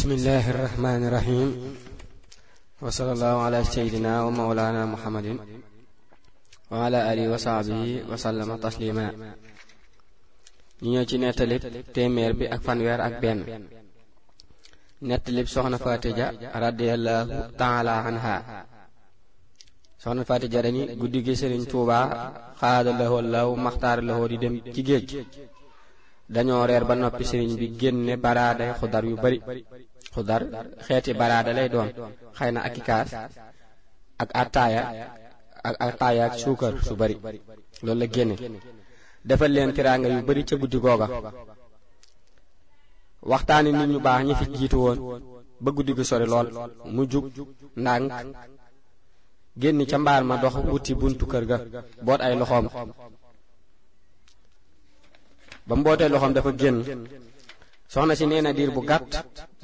bismillaahi rahmaani rahiim wa sallallahu ala seydina wa mawlana muhammadin wa ala alihi wa sahbihi wa sallama taslima ñu ñëw ci nettalib téeméer bi ak fanweer ak benn nettalib soxna faatija radiyallahu taala anha soxna faatija dani guddi gi sëriñ tuuba xaada lahoo law maxtaar lahoo di dem ci géej dañoo reer ba noppi sëriñ bi génne baraaday xudar yu bari xudar xeeti baraada lay doon xay na ak kaas ak ataaya ak ataaya ak suukar su bari loolu la génne defal leen tiraanga yu bari ca guddi googa waxtaani nit ñu baax ñi fi jiitu woon ba guddi gi sori lool mu jug ndànk génn ca mbaar ma dox wuti buntu kër ga boot ay loxoom ba mbootee loxoom dafa génn soxna si nee na diir bu gàtt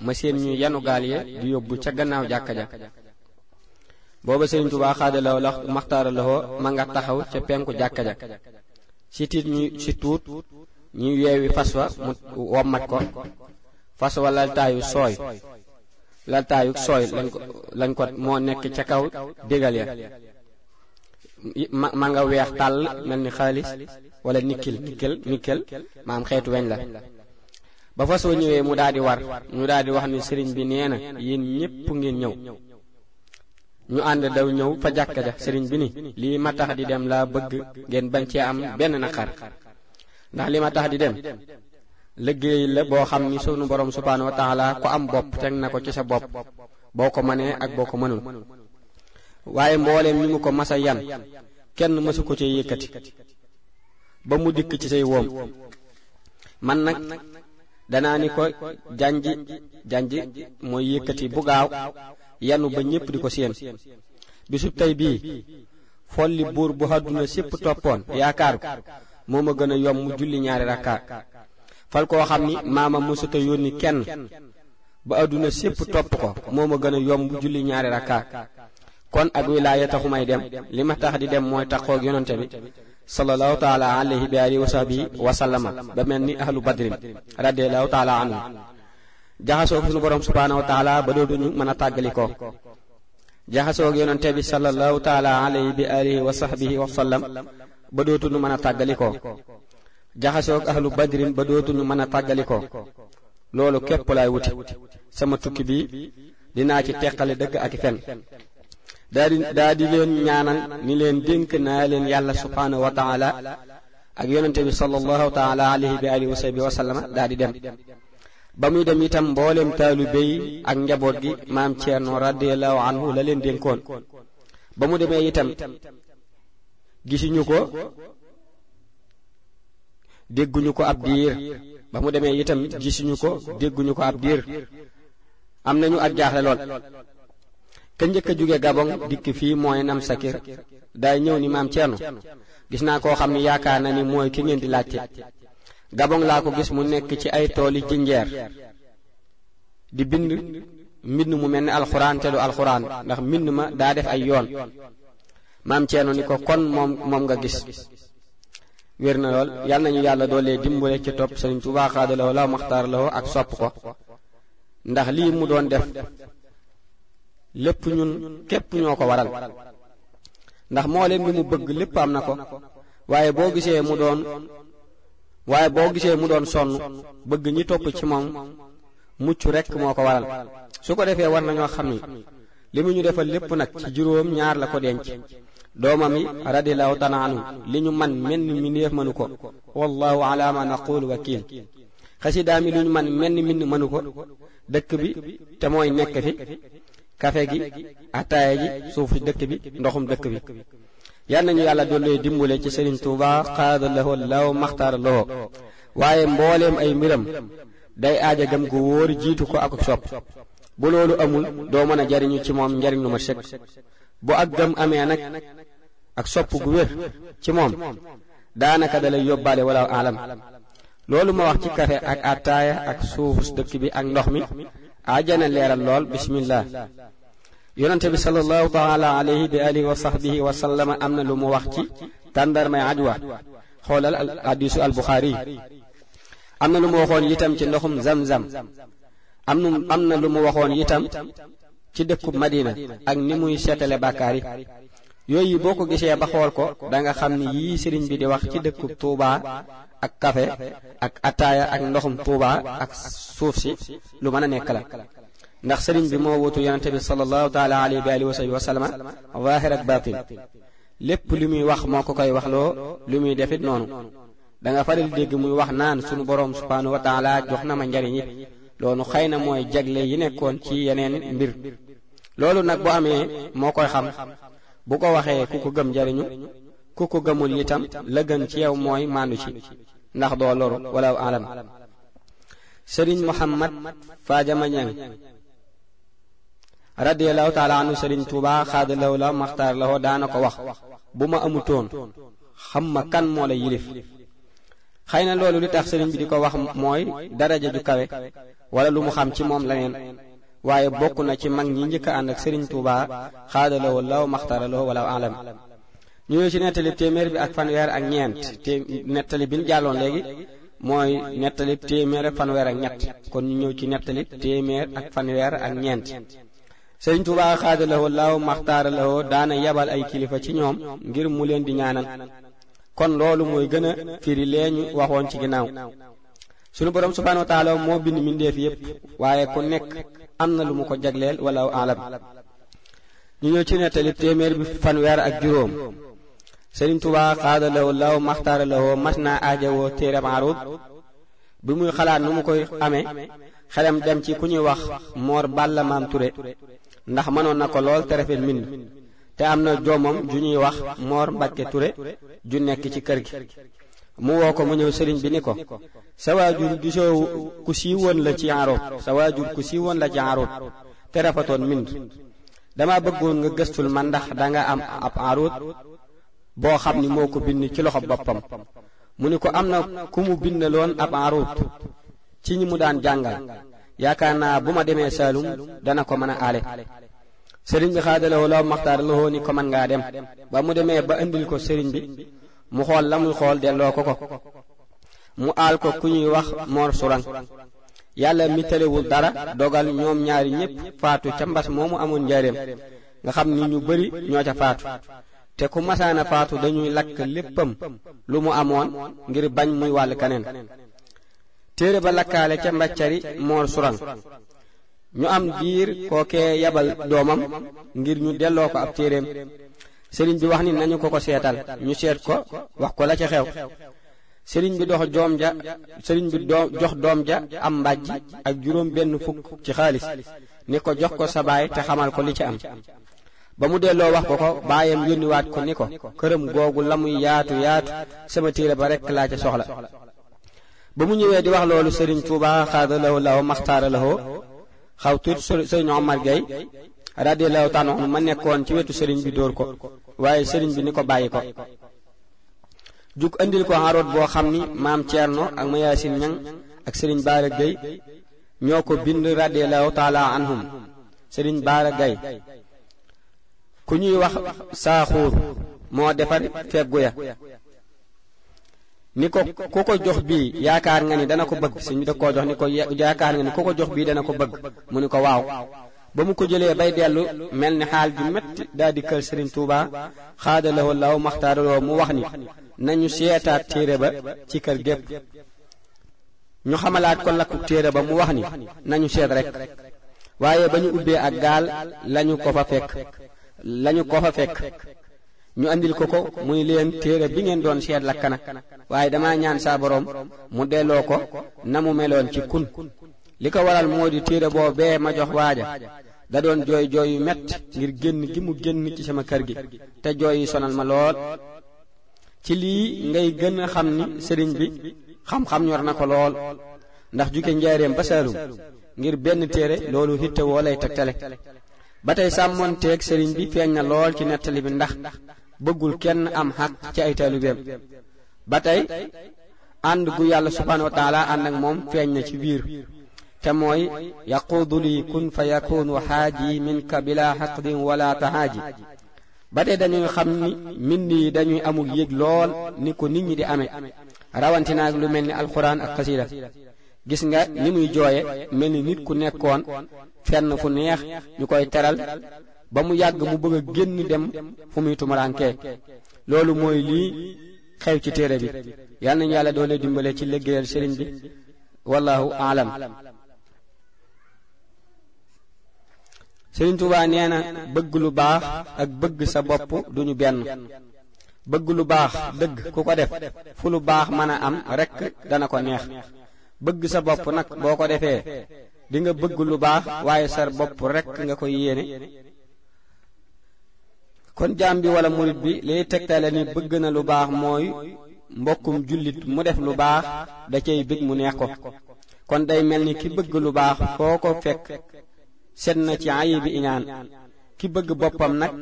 ma seen ñu yanu gaal ya di yóbbu ca gannaaw jàkka ja booba Sëriñ Tuubaa xaadalaw la maxtaara loxo ma nga taxaw ca penku jàkka ja si tiit ñu si tuut ñu yeewi fas wa mu wommat ko fas wa laltaayu sooy laltaayu sooy lañ ko moo nekk ca kaw dégal ya ma nga weex tàll mel ni xaalis wala nikkil nikkil nikkil maam xeetu weñ la ba fa soo ñëwee mu daal di war ñu daal di wax ni sëriñ bi nee na yéen ñépp ngeen ñëw ñu ànd daw ñëw fa jàkka ja sëriñ bi ni lii ma tax di dem laa bëgg ngeen bañ cee am benn naqar ndax li ma tax di dem liggéey la boo xam ni sunu borom subhaanahu wa taala ku am bopp teg na ko ci sa bopp boo ko mënee ak boo ko mënul waaye mbooleem ñi mu ko masa yan kenn mësu ko cee yëkkati ba mu dikk ci say woom man nag danaa ni ko janji janji mooy yëkkati bu gaaw yanu ba ñépp di ko séen bisub tey bii folli buur bu àdduna sépp toppoon yaakaar ko moo ma gën a yomb mu julli ñaari rakkaat fal koo xam ni maama mësuta yónni kenn ba àdduna sépp topp ko moo ma gën a yomb mu julli ñaari rakkaat kon ak wilaaya taxu may dem li ma tax di dem mooy taxoog yonante bi sallallahu taala alayhi bi alihi wa sahbihi wa sallama ba mel ni ahlu badrin radiallahu taala anhu jaxasoo ko sunu borom subhaanahu wa taala ba dootuñu mën a tàggali ko jaxasoo ak yonente bi sallallahu taala alayhi bi alihi wa sahbihi wa sallam ba dootuñu mën a tàggali ko jaxasoo ak ahlu badrin ba dootuñu mën a tàggali ko loolu képp laay wuti sama tukki bi dinaa ci teqale dëgg ak fen daa di daa di leen ñaanal ni leen dénk naa leen yàlla subhaanahu wa taala ak yonente bi sallallahu taala alayhi bi alihi wa sahbi wa sallama daa di dem ba muy dem itam mbooleem taalibe yi ak njaboot gi maam Ceerno radiallahu anhu la leen dénkoon ba mu demee itam gisuñu ko dégguñu ko ab diir ba mu demee itam gisuñu ko dégguñu ko ab diir am nañu ak jaaxle lool ka jëkk a jóge Gabon dikk fii mooy Nam Sakir day ñëw ni maam Ceerno gis naa koo xam ne yaakaar na ni mooy ki ngeen di laajte Gabon laa ko gis mu nekk ci ay tool tooli jinjeer di bind mbind mu mel ni alxuraan te du alxuraan ndax mbind ma daa def ay yoon maam Ceerno ni ko kon moom moom nga gis wér na lool yal nañu yàlla doolee dimbale ci topp Sëriñ Tuubaa xaadalawo la maxtaar ak sopp ko ndax lii mu doon def lépp ñun képp ñoo ko waral ndax moo leen li mu bëgg lépp am na ko waaye boo gisee mu doon waaye boo gisee mu doon sonn bëgg ñi topp ci moom mucc rekk moo ko waral su ko defee war nañoo xam ni li mu ñu defal lépp nag ci juróom ñaar la ko denc doomam yi radiallahu taala anhu li ñu man menn mi néef mënu ko wallahu ala ma naqul wakil xasidaam yi lu ñu man menn min mënu ko dëkk bi te mooy nekk fi kafe gi ataaya ji suufu dëkk bi ndoxum dëkk bi yal nañu yàlla dollee dimbale ci Serigne Touba xaada laho law maxtaara laho waaye mbooleem ay mbiram day aaja gëm gu wóor jiitu ko ak sopp bu loolu amul doo mën a jariñu ci moom njariñ lu ma sëkk bu ak gëm amee nag ak sopp gu wér ci moom daanaka da lay yóbbaale wala alam loolu ma wax ci kafe ak ataaya ak suufus dëkk bi ak ndox mi ajana leeral lool bismillah yonente bi sallallahu taala alayhi bi alihi wa sahbihi wa sallama am na lu mu wax ci tàndarmay ajwa xoolal hadisu albuxaari am na lu mu waxoon itam ci ndoxum zamzam am na am na lu mu waxoon itam ci dëkkub madina ak ni muy seetale bàkkaar yooyu boo ko gisee ba xool ko da nga xam ni yii sëriñ bi di wax ci dëkku Touba ak café ak ataaya ak ndoxum Touba ak suuf si lu mën a nekk la ndax sëriñ bi moo wutu yonente bi sallallahu taala alayhi wa alihi wa sahbihi wa sallama zaahir ak baatin lépp li muy wax moo ko koy wax loo lu muy defit noonu da nga faral dégg muy wax naan sunu boroom subhaanahu wa taala jox na ma njariñ it loolu xëy na mooy jagle yi nekkoon ci yeneen mbir loolu nag bu amee moo koy xam bu ko waxee ku ko gëm jariñu ku ko gëmul itam la gën ci yow mooy maandu ci ndax doo loru wala alam sëriñ muhammad faajama ñang radiyallahu taala anhu sëriñ tuuba xaadalaw la maxtaar lawoo daana ko wax bu ma amul amutoon xam ma kan moo la yilif xëy na loolu li tax sëriñ bi di ko wax mooy daraja ju kawe wala lu mu xam ci moom leneen waaye bokk na ci mag ñi njëkk a ànd ak Serigne Touba xaadalawoo law maxtaraloo wala alam ñu ñëw ci nettali téeméer bi ak fanweer ak ñeent te nettali bi ñu jàlloon léegi mooy nettali téeméer ak fanweer ak ñett kon ñu ñëw ci nettali téeméer ak fanweer ak ñeent. Serigne Touba xaadalawoo law maxtaraloo daana yabal ay kilifa ci ñoom ngir mu leen di ñaanal kon loolu mooy gën a firi lee waxoon ci ginnaaw. sunu borom subhanahu wa taala moo bind mbindeef yépp waaye ku nekk am na lu mu ko jagleel wala alam ñu ñëw ci nettali téeméer bi fanweer ak juróom Sëriñ Tuubaa xaada law law maxtaara lawoo mas naa aajowoo téeram arud bi muy xalaat nu mu koy amee xelam dem ci ku ñuy wax Moor Balla Maam Ture ndax mënoon na ko lool te rafet mbind te am na joomam ju ñuy wax Moor Mbàkke Ture ju nekk ci kër gi mu woo ko mu ñëw sëriñ bi ni ko sa waajur du soow ku siiwoon la ci arab sa waajur ku siiwoon la ci arab te rafetoon mbind dama bëggoon nga gëstul ma ndax danga am ab arab boo xam ni moo ko bind ci loxo boppam mu ni ko am na ku mu bindaloon ab arab ci ñi mu daan jàngal yaakaar naa bu ma demee Saalum dana ko mën a ale sëriñ bi xaadalawoo law maxtaar lowoo ni ko mën ngaa dem ba mu demee ba indil ko sëriñ bi mu xool la muy xool delloo ko ko mu aal ko ku ñuy wax moor suran yàlla mi tëlewul dara dogal ñoom ñaari ñépp faatu ca mbas moomu amoon njaareem nga xam ni ñu bari ñoo ca faatu te ku masaana faatu dañuy lakk léppam lu mu amoon ngir bañ muy wàll kaneen téere ba lakkaale ca mbaccari moor suran ñu am diir kookee yabal doomam ngir ñu delloo ko ab téereem sëriñ bi wax ni nañu ko ko seetal ñu seet ko wax ko la ca xew sëriñ bi dox doom ja sëriñ bi doo jox doom ja am mbàjj ak juróom benn fukk ci xaalis ni ko jox ko sa baay te xamal ko li ci am ba mu delloo wax ko ko baayam yónniwaat ko ni ko këram googu la muy yaatu yaatu sama téere ba rekk laa ca soxla ba mu ñëwee di wax loolu sëriñ Tuuba xaada law lahu maxtaara lahu xaw tuut sëriñ Omar Gueye radiyallahu taala ma nekkoon ci wetu sëriñ bi dóor ko waaye sëriñ bi ni ko bàyyi ko jug andil ko xaroot boo xam ni maam Thierno ak ma yaasin ñang ak sëriñ Baara Gueye ñoo ko bind radiyallahu taala anhum sëriñ Baara Gueye ku ñuy wax saaxuur moo defar feggu ya ni ko ku ko jox bii yaakaar nga ni dana ko bëgg sëñ bi da koo jox ni ko yaakaar nga ni ku ko jox bii dana ko bëgg mu ni ko waaw ba mu ko jëlee bay dellu mel ni xaal di metti daal di kër Serigne Touba xaadalawoo law maxtaaraloo mu wax ni nañu seetaat téere ba ci kër gépp ñu xamalaat ko lakkuk téere ba mu wax ni nañu seet rek waaye ba ñu ubbee ak gaal lañu ko fa fekk lañu ko fekk ñu andil ko ko muy leen téere bi ngeen doon seet lakkana waaye dama ñaan saa boroom mu delloo ko na mu meloon ci kun li ko waral moo di téere boo bee ma jox waaja da doon jooy jooy yu metti ngir génn gi mu génn ci sama kër gi te jooy yi sonal ma lool ci lii ngay gën xam ni sëriñ bi xam-xam ñor na ko lool ndax juge njaareem ba saalum ngir benn téere loolu hitte woo lay tegtale ba tey sàmmoonteeg sëriñ bi feeñ na lool ci nettali bi ndax bëggul kenn am xaq ci ay taalibeem ba tey ànd gu yàlla subhaanahu ànd ak moom feeñ na ci biir te mooy yaquudu li kun fa yakunu xaaji minka bila xaqdin wala tahaaji ba tey dañuy xam ni min yi dañuy amul yëg lool ni ko nit ñi di amee rawantina ak lu mel ni alxuraan ak xasida gis nga ni muy jooye mel ni nit ku nekkoon fenn fu neex ñu koy teral ba mu yàgg mu bëgg a génn dem fu muy tumuraankee loolu mooy lii xew ci téere bi yal nañu yàlla doole dimbale ci liggéeyal sëriñ bi wallahu aalam Sëriñ Tuubaa nee na bëgg lu baax ak bëgg sa bopp duñu benn bëgg lu baax dëgg ku ko def fu lu baax mën a am rekk dana ko neex bëgg sa bopp nag boo ko defee di nga bëgg lu baax waaye sa bopp rekk nga koy yéene kon jaam bi walla murit bi lay tegtale ni bëgg na lu baax mooy mbokkum jullit mu def lu baax da cay bëgg mu neex ko kon day mel ni ki bëgg lu baax foo ko fekk set na ci ayibi iñaan ki bëgg boppam nag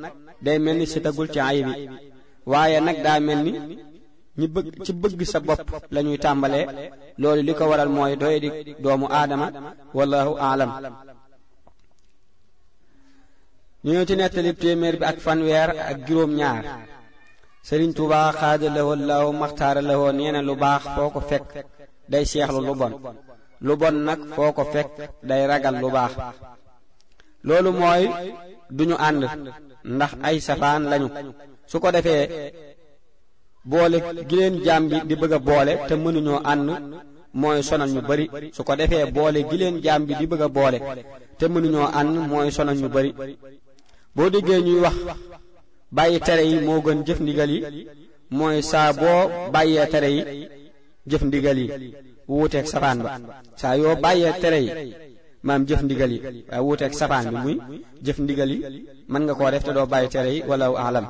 day mel ni setagul ci ayibi waaye nag daa mel ni ñi bëgg ci bëgg sa bopp lañuy tàmbalee loolu li ko waral mooy doy di doomu aadama wallahu aalam ñu ci nettalib téeméer bi ak fanweer ak juróom ñaar sëriñ Tuubaa xaada lawoo law maxtaara lawoo lu baax foo ko fekk day seexlu lu bon lu bon nag foo ko fekk day ragal lu baax loolu mooy duñu ànd ndax ay safaan lañu su ko defee boole gi leen jaam bi di bëgg a boole te mënuñoo ànd mooy sonal ñu bari su ko defee boole gi leen jaam bi di bëgg a boole te mënuñoo ànd mooy sonal yu bari boo déggee ñuy wax bàyyi tere yi moo gën jëf ndigal yi mooy saa boo bàyyee tere yi jëf ndigal yi wuuteeg safaan ba saa yoo bàyyee tere yi maam jëf ndigal yi waaye wuuteeg sapaan bi muy jëf ndigal yi mën nga koo def te doo bàyyi tere yi wala alam